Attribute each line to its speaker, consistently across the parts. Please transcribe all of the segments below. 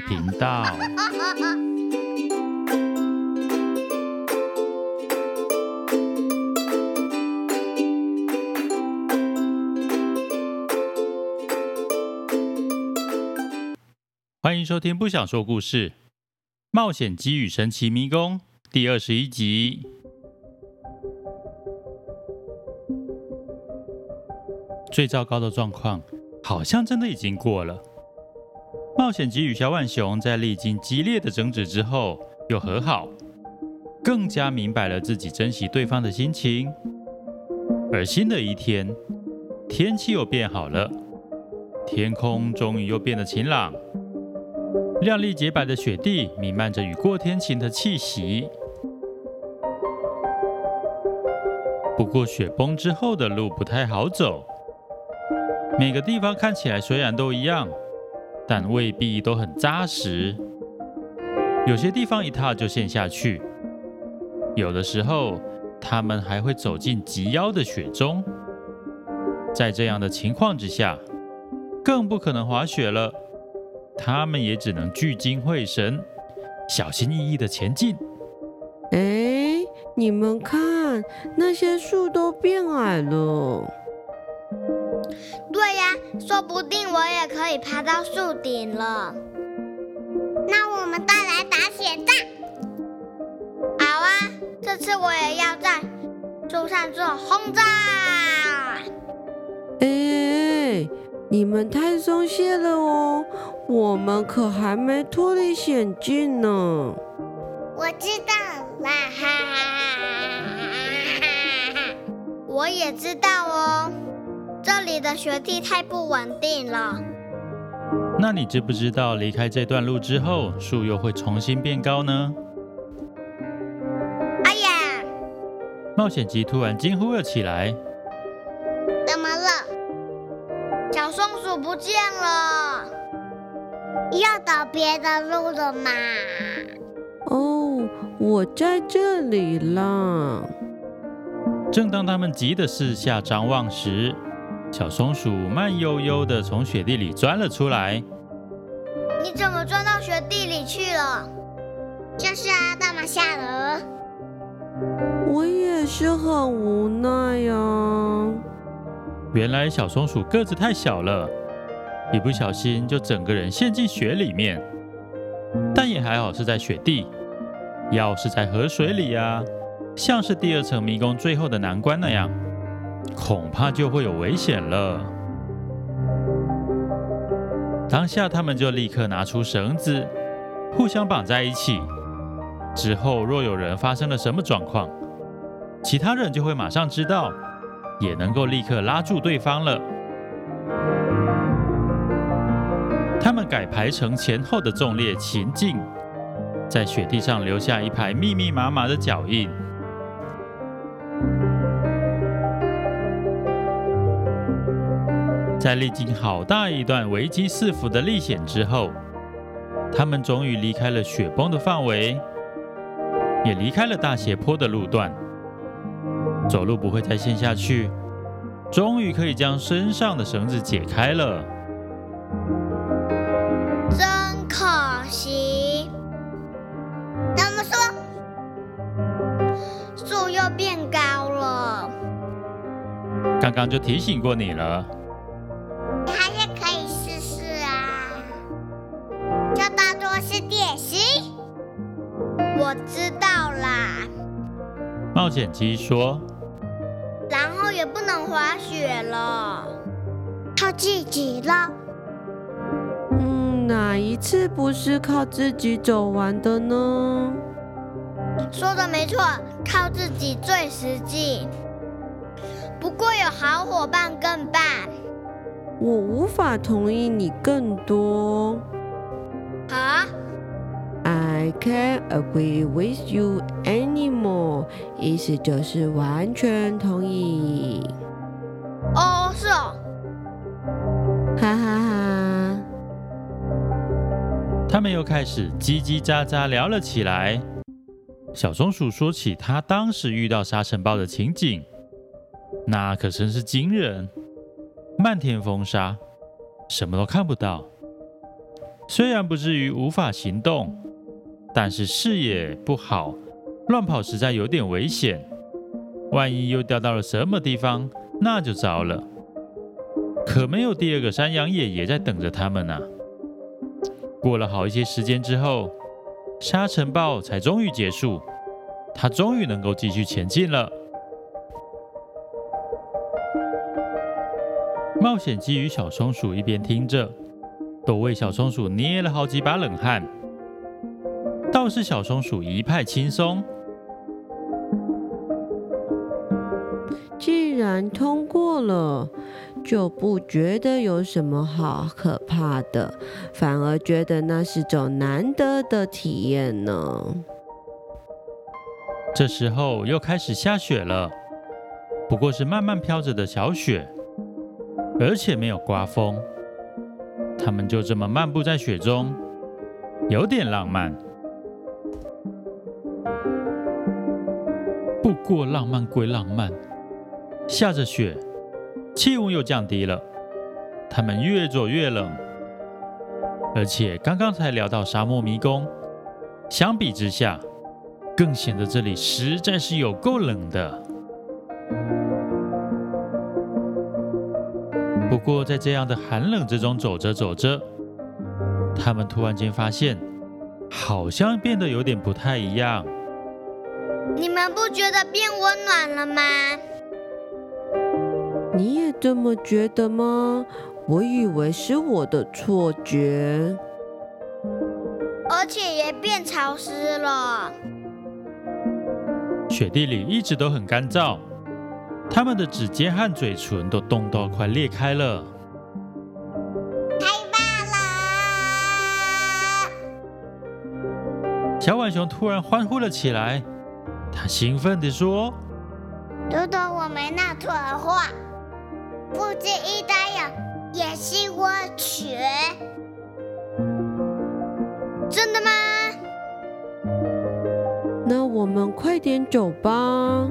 Speaker 1: 頻道，歡迎收聽《不想說故事：冒險雞與神奇迷宮》第二十一集。最糟糕的狀況，好像真的已經過了。冒險雞與小浣熊在歷經激烈的爭執之後又和好，更加明白了自己珍惜對方的心情。而新的一天，天氣又變好了，天空終於又變得晴朗，亮麗潔白的雪地彌漫着雨過天晴的氣息。不過雪崩之後的路不太好走，每個地方看起來雖然都一樣，但未必都很扎實，有些地方一踏就陷下去，有的時候他們還會走進及腰的雪中，在這樣的情況之下，更不可能滑雪了，他們也只能聚精會神，小心翼翼的前進。
Speaker 2: 哎，你們看，那些樹都變矮了。
Speaker 3: 對呀，說不定我也可以爬到樹頂了。那我們再來打雪仗。好啊，這次我也要在樹上做轟炸。
Speaker 2: 哎，你們太鬆懈了哦，我們可還沒脫離險境呢。
Speaker 3: 我知道啦，哈哈哈哈，我也知道哦。這裡的雪地太不穩定了。
Speaker 1: 那你知不知道離開這段路之後，樹又會重新變高呢？哎、啊、呀！冒險雞突然驚呼了起來。
Speaker 3: 怎麼了？小松鼠不見了，要找別的路
Speaker 2: 了嗎？哦，我在這裡了。
Speaker 1: 正當他們急得四下張望時，小松鼠慢悠悠地從雪地裡鑽了出來。
Speaker 3: 你怎麼鑽到雪地裡去了？就是啊，大馬嚇得。
Speaker 1: 我也是很無奈呀。原來小松鼠個子太小了，一不小心就整個人陷進雪裡面。但也還好是在雪地，要是在河水裡呀，啊，像是第二層迷宮最後的難關那樣，恐怕就會有危險了。當下他們就立刻拿出繩子，互相綁在一起。之後若有人發生了什麼狀況，其他人就會馬上知道，也能夠立刻拉住對方了。他們改排成前後的縱列行進，在雪地上留下一排密密麻麻的腳印。在歷經好大一段危機四伏的歷險之後，他們終於離開了雪崩的範圍，也離開了大斜坡的路段，走路不會再陷下去，終於可以將身上的繩子解開了。
Speaker 3: 真可惜，怎麼說樹又變高了。
Speaker 1: 剛剛就提醒過你了。冒險雞說：“
Speaker 3: 然後也不能滑雪了，靠自己了。
Speaker 2: 嗯，哪一次不是靠自己走完的呢？
Speaker 3: 說的沒錯，靠自己最實際。不過有好夥伴更棒。
Speaker 2: 我無法同意你更多。” I can't agree with you anymore，意思就是完全同意。哦，是哦，哈哈哈。
Speaker 1: 他們又開始嘰嘰喳喳聊了起來。小松鼠說起他當時遇到沙塵暴的情景，那可真是驚人，漫天風沙，什麼都看不到，雖然不至於無法行動。但是視野不好，亂跑實在有點危險。萬一又掉到了什麼地方，那就糟了。可沒有第二個山羊爺爺在等着他們呢、啊。過了好一些時間之後，沙塵暴才終於結束。他終於能夠繼續前進了。冒險雞與小松鼠一邊聽着，都為小松鼠捏了好幾把冷汗。又是小松鼠一派輕鬆。
Speaker 2: 既然通過了，就不覺得有什麼好可怕的，反而覺得那是種難得的體驗呢。
Speaker 1: 這時候又開始下雪了，不過是慢慢飄着的小雪，而且沒有颳風。他們就這麼漫步在雪中，有點浪漫。過浪漫歸浪漫，下着雪，氣溫又降低了，他們越走越冷。而且剛剛才聊到沙漠迷宮，相比之下，更顯得這裡實在是有夠冷的。不過在這樣的寒冷之中走着走着，他們突然間發現，好像變得有點不太一樣。
Speaker 3: 你們不覺得變溫暖了嗎？
Speaker 1: 你也這麼覺得嗎？
Speaker 2: 我以為是我的錯覺，
Speaker 3: 而且也變潮濕了。
Speaker 1: 雪地裡一直都很乾燥，他們的指尖和嘴唇都凍到快裂開了。太棒了！小浣熊突然歡呼了起來。他興奮地說：“
Speaker 3: 如果我沒弄錯的話，附近一帶應該有野溪溫泉。真的嗎？
Speaker 2: 那我們快點走吧。”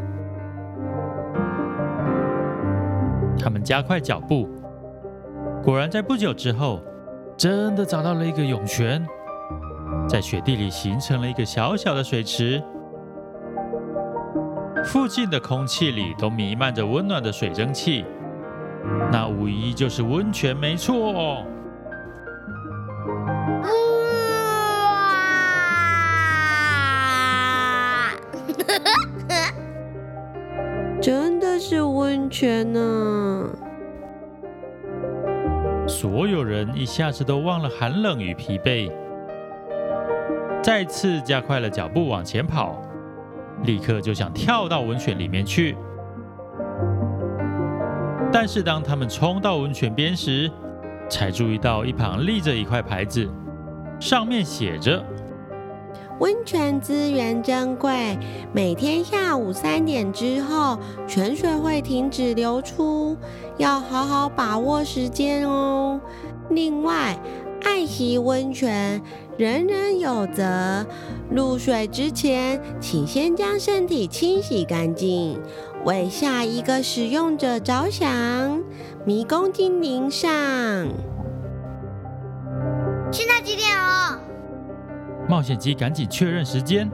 Speaker 1: 他們加快腳步，果然在不久之後，真的找到了一個湧泉，在雪地裡形成了一個小小的水池。附近的空氣裡都瀰漫着溫暖的水蒸氣，那無疑就是溫泉沒、哦，沒錯哇。啊。
Speaker 2: 真的是溫泉呢、啊！
Speaker 1: 所有人一下子都忘了寒冷與疲憊，再次加快了腳步往前跑。立刻就想跳到溫泉裡面去，但是當他們衝到溫泉邊時，才注意到一旁立着一塊牌子，上面寫着：“
Speaker 2: 溫泉資源珍貴，每天下午三點之後泉水會停止流出，要好好把握時間哦。另外，愛惜溫泉。”人人有責。入水之前，請先將身體清洗乾淨，為下一個使用者着想。迷宮精靈
Speaker 1: 上。
Speaker 3: 現在幾點了哦？
Speaker 1: 冒險雞，趕緊確認時間。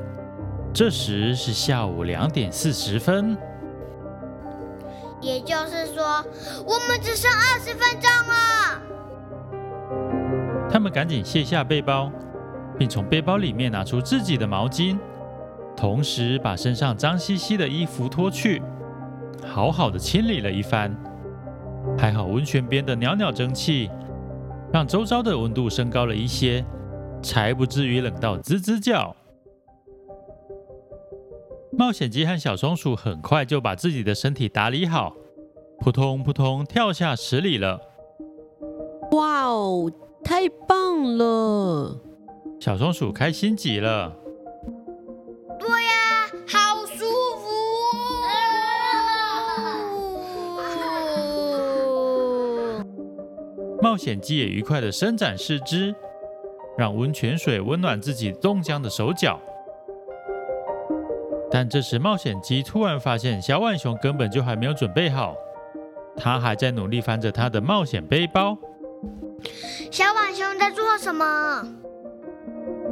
Speaker 1: 這時是下午兩點四十分。
Speaker 3: 也就是說，我們只剩二十分鐘了。
Speaker 1: 他們趕緊卸下背包。並從背包裡面拿出自己的毛巾，同時把身上髒兮兮的衣服脫去，好好的清理了一番。還好溫泉邊的裊裊蒸汽，讓周遭的溫度升高了一些，才不至於冷到吱吱叫。冒險雞和小松鼠很快就把自己的身體打理好，撲通撲通跳下池裡了。哇哦，太棒了！小松鼠開心極了。
Speaker 3: 對呀，好舒服！
Speaker 1: 冒險雞也愉快地伸展四肢，讓溫泉水溫暖自己凍僵的手腳。但這時，冒險雞突然發現小浣熊根本就還沒有準備好，它還在努力翻着它的冒險背包。
Speaker 3: 小浣熊在做什麼？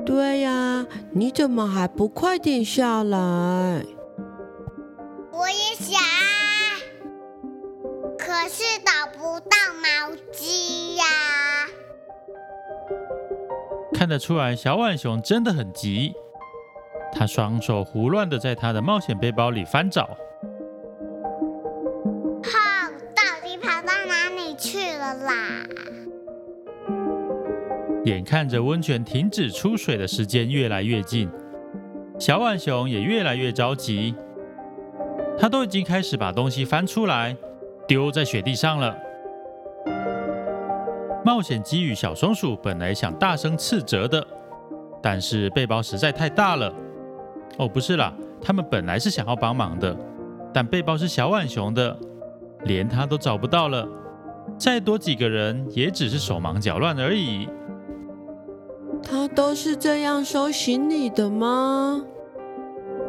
Speaker 2: 對呀、啊，你怎麼還不快點下來？
Speaker 3: 我也想，可是找不到毛巾呀、啊。
Speaker 1: 看得出來，小浣熊真的很急，他雙手胡亂的在他的冒險背包裡翻找。
Speaker 3: 跑、哦，到底跑到哪裡去了
Speaker 2: 啦？
Speaker 1: 眼看着溫泉停止出水的時間越來越近，小浣熊也越來越着急。他都已經開始把東西翻出來，丟在雪地上了。冒險雞與小松鼠本來想大聲斥責的，但是背包實在太大了。哦，不是啦，他們本來是想要幫忙的，但背包是小浣熊的，連他都找不到了。再多幾個人也只是手忙腳亂而已。
Speaker 2: 他都是這樣收行李的嗎？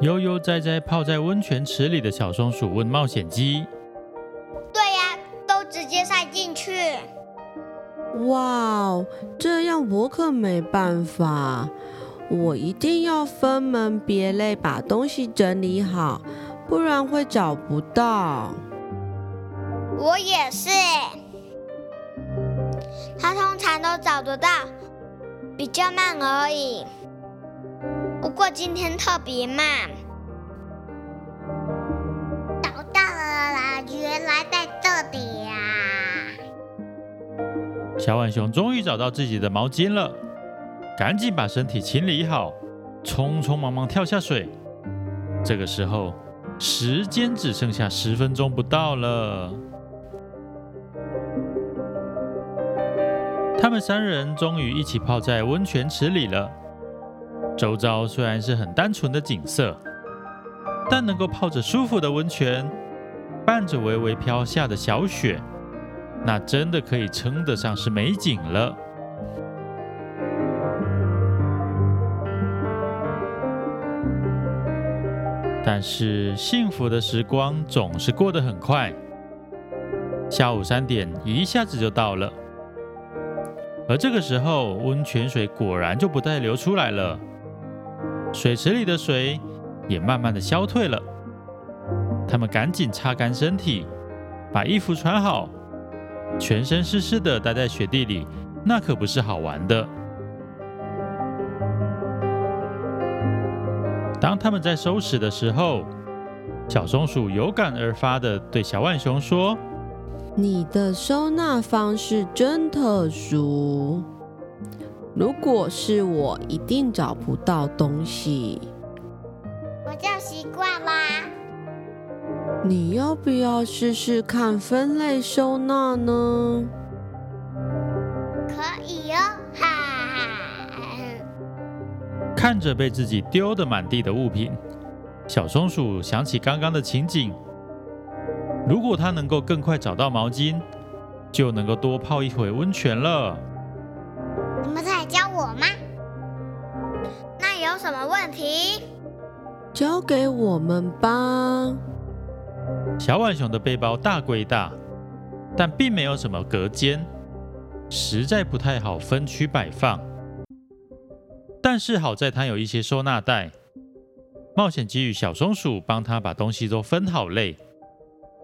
Speaker 1: 悠悠哉哉泡在溫泉池裡的小松鼠問冒險雞。
Speaker 2: 對呀、啊，都直接塞進去。哇，wow，這樣我可沒辦法，我一定要分門別類把東西整理好，不然會找不到。
Speaker 3: 我也是。他通常都找得到。比較慢而已，不過今天特別慢。找到了啦，原來在這裡呀、啊！
Speaker 1: 小浣熊終於找到自己的毛巾了，趕緊把身體清理好，匆匆忙忙跳下水。這個時候，時間只剩下十分鐘不到了。他們三人終於一起泡在溫泉池裡了。周遭雖然是很單純的景色，但能夠泡着舒服的溫泉，伴着微微飄下的小雪，那真的可以稱得上是美景了。但是幸福的時光總是過得很快，下午三點一下子就到了。而這個時候，溫泉水果然就不再流出來了，水池裡的水也慢慢的消退了。他們趕緊擦乾身體，把衣服穿好，全身濕濕的待在雪地裡，那可不是好玩的。當他們在收拾的時候，小松鼠有感而發的對小浣熊說。
Speaker 2: 你的收納方式真特殊，如果是我，一定找不到東西。
Speaker 3: 我就習慣啦。
Speaker 2: 你要不要試試看分類收納呢？
Speaker 3: 可以喲、哦，哈。
Speaker 1: 看着被自己丟得滿地的物品，小松鼠想起剛剛的情景。如果他能夠更快找到毛巾，就能夠多泡一會溫泉了。
Speaker 3: 你們在教我嗎？那有什麼問題？
Speaker 1: 交給我們吧。小浣熊的背包大歸大，但並沒有什麼隔間，實在不太好分區擺放。但是好在它有一些收納袋。冒險雞與小松鼠幫他把東西都分好類，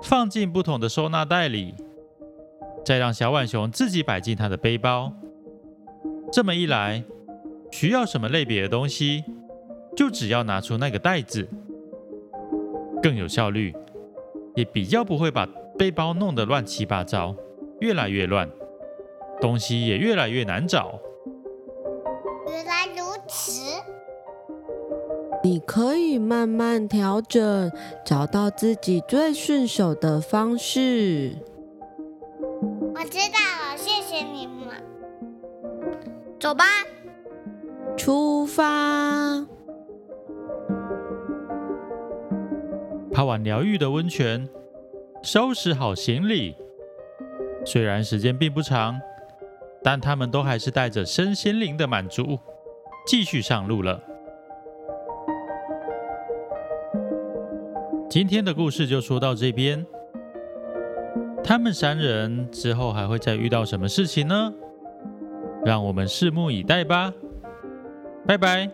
Speaker 1: 放進不同的收納袋裡，再讓小浣熊自己擺進他的背包。這麼一來，需要什麼類別的東西，就只要拿出那個袋子。更有效率，也比較不會把背包弄得亂七八糟，越來越亂，東西也越來越難找。
Speaker 2: 你可以慢慢調整，找到自己最順手的方式。
Speaker 3: 我知道了，謝謝你們。
Speaker 2: 走吧，出發。
Speaker 1: 泡完療癒的溫泉，收拾好行李。雖然時間並不長，但他們都還是帶着身心靈的滿足，繼續上路了。今天的故事就說到這邊，他們三人之後還會再遇到什麼事情呢？讓我們拭目以待吧。拜拜。